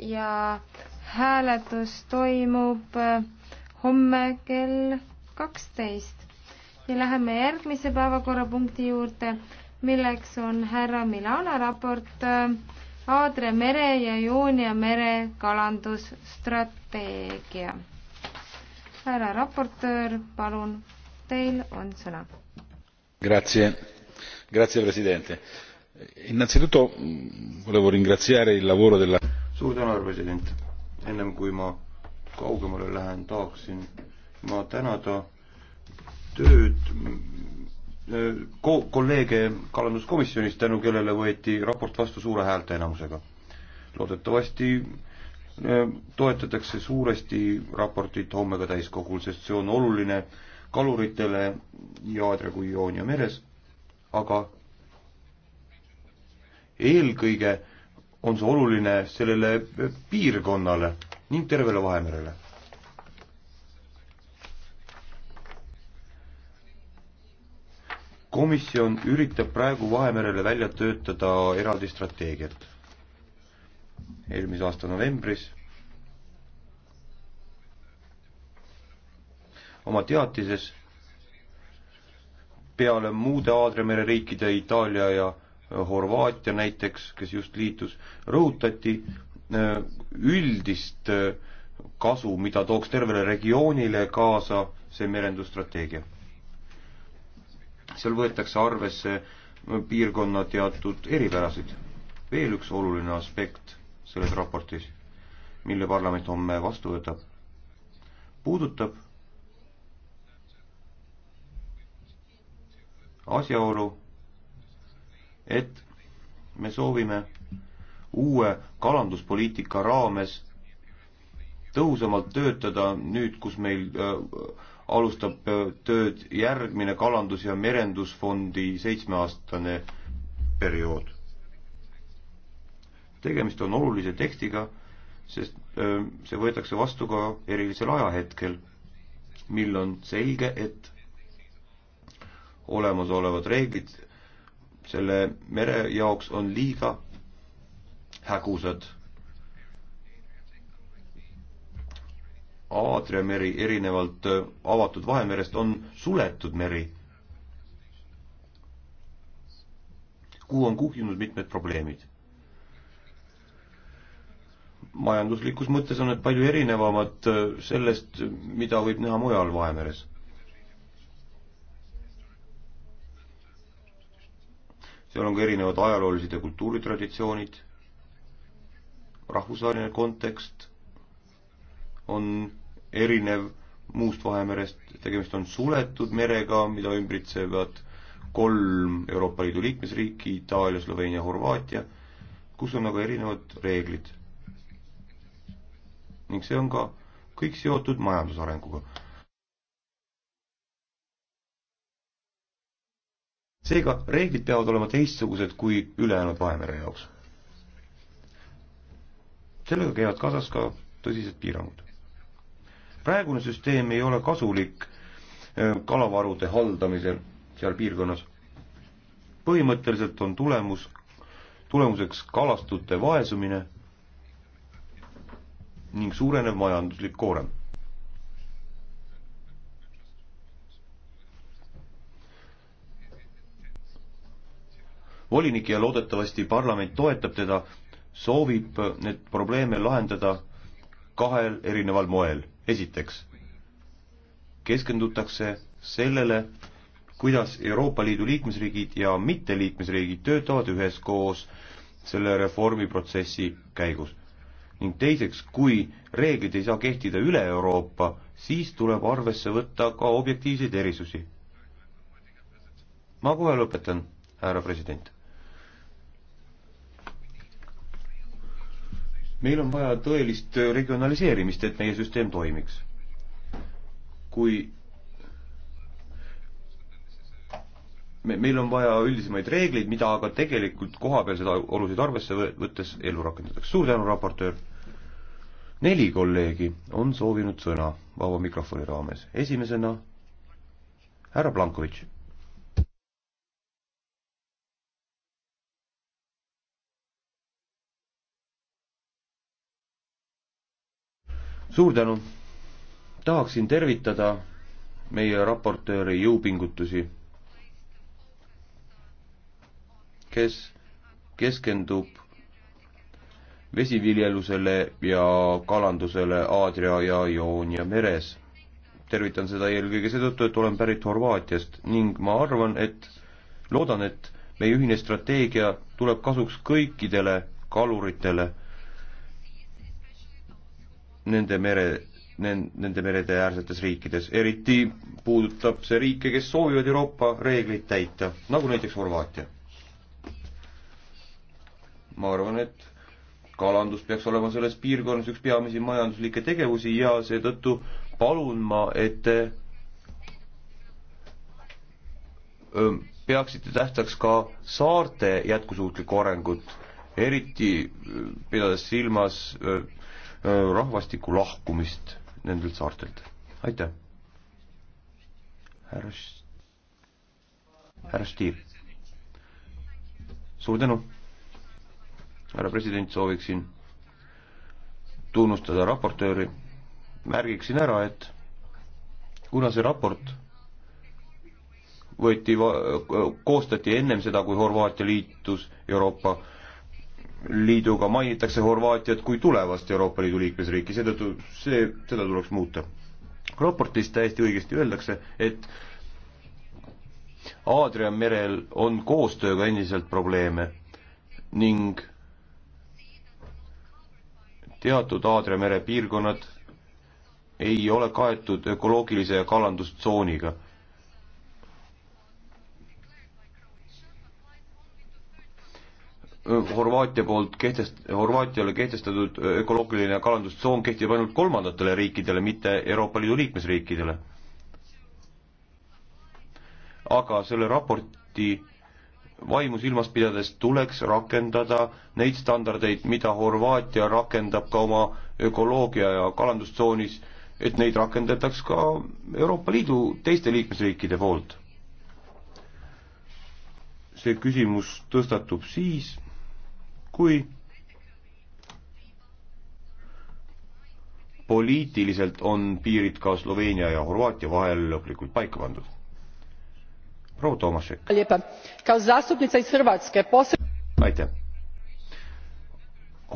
ja hääletus toimub äh, homme kell kaksteist ja läheme järgmise päevakorrapunkti juurde, milleks on härra Milana raport äh, Aadre mere ja Joonia mere kalandusstrateegia. härra raportöör, palun, teil on sõna. Grazie, grazie presidente. Innanzitutto mm, volevo ringraziare il lavoro della suur tänu, härra president. ennem kui ma kaugemale lähen, tahaksin ma tänada tööd äh, ko-, kolleege kalanduskomisjonis, tänu kellele võeti raport vastu suure häälteenamusega. loodetavasti äh, toetatakse suuresti raportit homme ka täiskogul, sest see on oluline kaluritele nii Aadria kui Joonia meres, aga eelkõige on see oluline sellele piirkonnale ning tervele Vahemerele. komisjon üritab praegu Vahemerele välja töötada eraldi strateegiat. eelmise aasta novembris oma teatises peale muude Aadremere riikide Itaalia ja Horvaatia näiteks, kes just liitus, rõhutati äh, üldist äh, kasu, mida tooks tervele regioonile kaasa see merendusstrateegia. seal võetakse arvesse äh, piirkonna teatud eripärasid. veel üks oluline aspekt selles raportis, mille parlament homme vastu võtab, puudutab asjaolu, et me soovime uue kalanduspoliitika raames tõhusamalt töötada nüüd, kus meil äh, alustab äh, tööd järgmine kalandus- ja merendusfondi seitsmeaastane periood. tegemist on olulise tekstiga, sest äh, see võetakse vastu ka erilisel ajahetkel, mil on selge, et olemasolevad reeglid selle mere jaoks on liiga hägusad. Aadria meri erinevalt äh, avatud Vahemerest on suletud meri, kuhu on kuhjunud mitmed probleemid. majanduslikus mõttes on need palju erinevamad äh, sellest, äh, mida võib näha mujal Vahemeres seal on ka erinevad ajaloolised ja kultuuritraditsioonid, rahvusvaheline kontekst on erinev muust Vahemerest, tegemist on suletud merega, mida ümbritsevad kolm Euroopa Liidu liikmesriiki, Itaalia, Sloveenia, Horvaatia, kus on aga erinevad reeglid. ning see on ka kõik seotud majandusarenguga seega reeglid peavad olema teistsugused kui ülejäänud Vahemere jaoks. sellega käivad kaasas ka tõsised piirangud. praegune süsteem ei ole kasulik äh, kalavarude haldamisel seal piirkonnas. põhimõtteliselt on tulemus, tulemuseks kalastute vaesumine ning suurenev majanduslik koorem. volinik ja loodetavasti parlament toetab teda, soovib need probleeme lahendada kahel erineval moel. esiteks keskendutakse sellele, kuidas Euroopa Liidu liikmesriigid ja mitteliikmesriigid töötavad üheskoos selle reformiprotsessi käigus. ning teiseks, kui reeglid ei saa kehtida üle Euroopa, siis tuleb arvesse võtta ka objektiivseid erisusi. ma kohe lõpetan, härra president meil on vaja tõelist regionaliseerimist, et meie süsteem toimiks. kui me, meil on vaja üldisemaid reegleid, mida aga tegelikult kohapealseid olusid arvesse võttes ellu rakendatakse. suur tänu, raportöör! neli kolleegi on soovinud sõna vaba mikrofoni raames. esimesena härra Plankovitš suur tänu. tahaksin tervitada meie raportööri jõupingutusi, kes keskendub vesiviljelusele ja kalandusele Aadria ja Joonia meres. tervitan seda eelkõige seetõttu, et olen pärit Horvaatiast ning ma arvan, et loodan, et meie ühine strateegia tuleb kasuks kõikidele kaluritele nende mere, nende merede äärsetes riikides, eriti puudutab see riike, kes soovivad Euroopa reegleid täita, nagu näiteks Horvaatia. ma arvan, et kalandus peaks olema selles piirkonnas üks peamisi majanduslikke tegevusi ja seetõttu palun ma, et te peaksite tähtsaks ka saarte jätkusuutlikku arengut, eriti pidades silmas öö, Äh, rahvastiku lahkumist nendelt saartelt. aitäh. härra, härra Stier. suur tänu. härra president, sooviksin tunnustada raportööri. märgiksin ära, et kuna see raport võeti, koostati ennem seda, kui Horvaatia liitus Euroopa Liiduga mainitakse Horvaatiat kui tulevast Euroopa Liidu liikmesriiki, seetõttu see, seda tuleks muuta. raportis täiesti õigesti öeldakse, et Aadria merel on koostööga endiselt probleeme ning teatud Aadria mere piirkonnad ei ole kaetud ökoloogilise kalandustsooniga Horvaatia poolt kehtest-, Horvaatiale kehtestatud ökoloogiline kalandustsoon kehtib ainult kolmandatele riikidele, mitte Euroopa Liidu liikmesriikidele. aga selle raporti vaimu silmas pidades tuleks rakendada neid standardeid, mida Horvaatia rakendab ka oma ökoloogia ja kalandustsoonis, et neid rakendataks ka Euroopa Liidu teiste liikmesriikide poolt. see küsimus tõstatub siis kui poliitiliselt on piirid ka Sloveenia ja Horvaatia vahel lõplikult paika pandud. proua Tomašek. aitäh.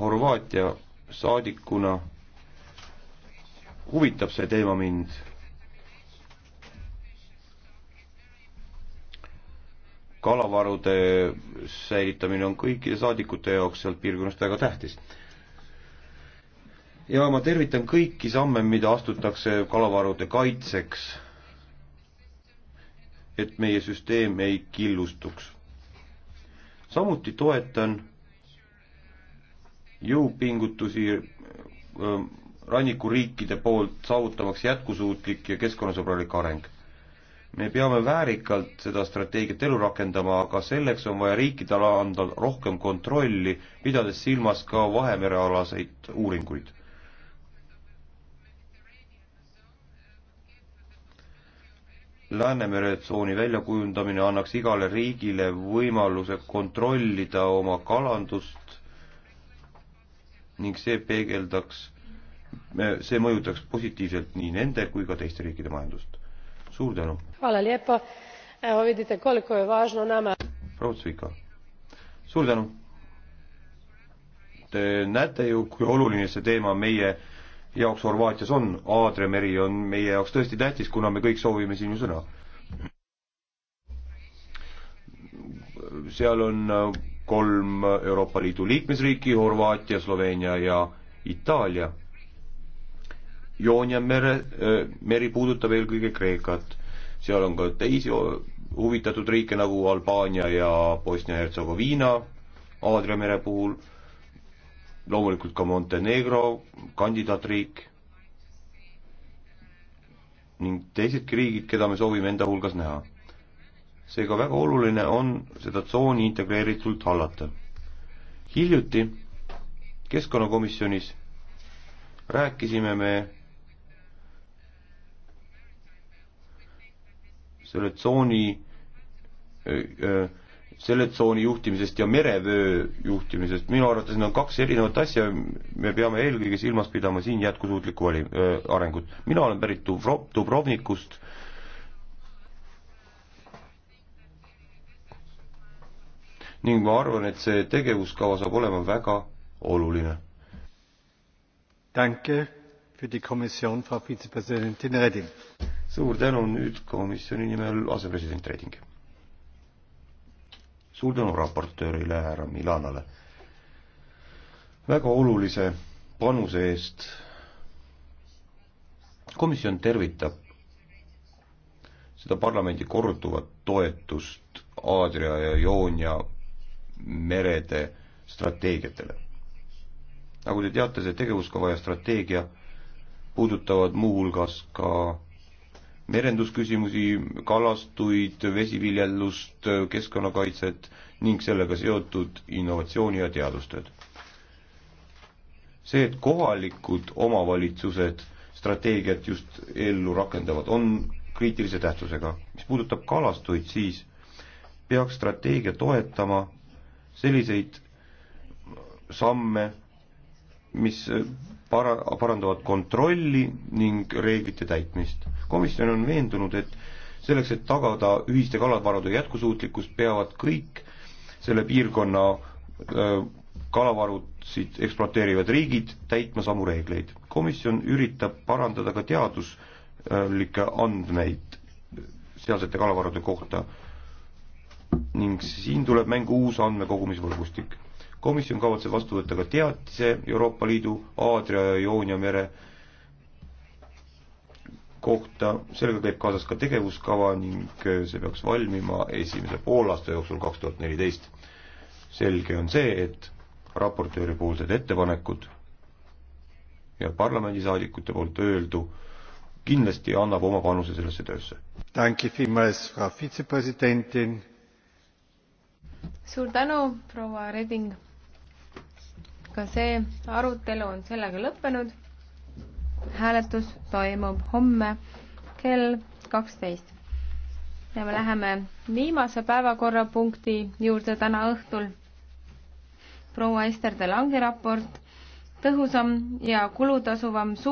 Horvaatia saadikuna huvitab see teema mind kalavarude säilitamine on kõikide saadikute jaoks sealt piirkonnast väga tähtis. ja ma tervitan kõiki samme, mida astutakse kalavarude kaitseks, et meie süsteem ei killustuks. samuti toetan jõupingutusi ähm, rannikuriikide poolt saavutamaks jätkusuutlik ja keskkonnasõbralik areng me peame väärikalt seda strateegiat elu rakendama, aga selleks on vaja riikidele anda rohkem kontrolli, pidades silmas ka Vahemerealaseid uuringuid. Läänemere tsooni väljakujundamine annaks igale riigile võimaluse kontrollida oma kalandust ning see peegeldaks, see mõjutaks positiivselt nii nende kui ka teiste riikide majandust suur tänu. proua Zvika, suur tänu. Te näete ju, kui oluline see teema meie jaoks Horvaatias on, Aadre meri on meie jaoks tõesti tähtis, kuna me kõik soovime sinu sõna. seal on kolm Euroopa Liidu liikmesriiki, Horvaatia, Sloveenia ja Itaalia Joonia mere, äh, meri puudutab eelkõige Kreekat. seal on ka teisi huvitatud riike nagu Albaania ja Bosnia-Hertsegoviina Aadria mere puhul, loomulikult ka Montenegro kandidaatriik ning teisedki riigid, keda me soovime enda hulgas näha. seega väga oluline on seda tsooni integreeritult hallata. hiljuti keskkonnakomisjonis rääkisime me selle tsooni, äh, äh, selle tsooni juhtimisest ja merevöö juhtimisest, minu arvates need on kaks erinevat asja, me peame eelkõige silmas pidama siin jätkusuutlikku vali-, äh, arengut. mina olen pärit Dubro-, Dubrovnikust, ning ma arvan, et see tegevuskava saab olema väga oluline. Danke für die Kommission, Frau Vizepräsidentin Reding suur tänu nüüd komisjoni nimel asepresident Reding. suur tänu raportöörile härra Milanale väga olulise panuse eest. komisjon tervitab seda parlamendi korduvat toetust Aadria ja Joonia merede strateegiatele. nagu te teate, see tegevuskava ja strateegia puudutavad muuhulgas ka merendusküsimusi, kalastuid, vesiviljelust, keskkonnakaitset ning sellega seotud innovatsiooni ja teadustööd. see, et kohalikud omavalitsused strateegiat just ellu rakendavad, on kriitilise tähtsusega. mis puudutab kalastuid, siis peaks strateegia toetama selliseid samme, mis äh, para-, parandavad kontrolli ning reeglite täitmist. komisjon on veendunud, et selleks, et tagada ühiste kalavarude jätkusuutlikkus, peavad kõik selle piirkonna äh, kalavarusid ekspluateerivad riigid täitma samu reegleid. komisjon üritab parandada ka teaduslikke andmeid sealsete kalavarude kohta ning siin tuleb mängu uus andmekogumisvõrgustik komisjon kavatseb vastu võtta ka teatise Euroopa Liidu Aadria ja Joonia mere kohta, sellega käib kaasas ka tegevuskava ning see peaks valmima esimese poolaasta jooksul kaks tuhat neliteist. selge on see, et raportööri poolsed ettepanekud ja parlamendisaadikute poolt öeldu kindlasti annab oma panuse sellesse töösse. suur tänu, proua Reding! ka see arutelu on sellega lõppenud. hääletus toimub homme kell kaksteist. ja me läheme viimase päevakorrapunkti juurde täna õhtul. proua Ester Delangi raport Tõhusam ja kulutasuvam suur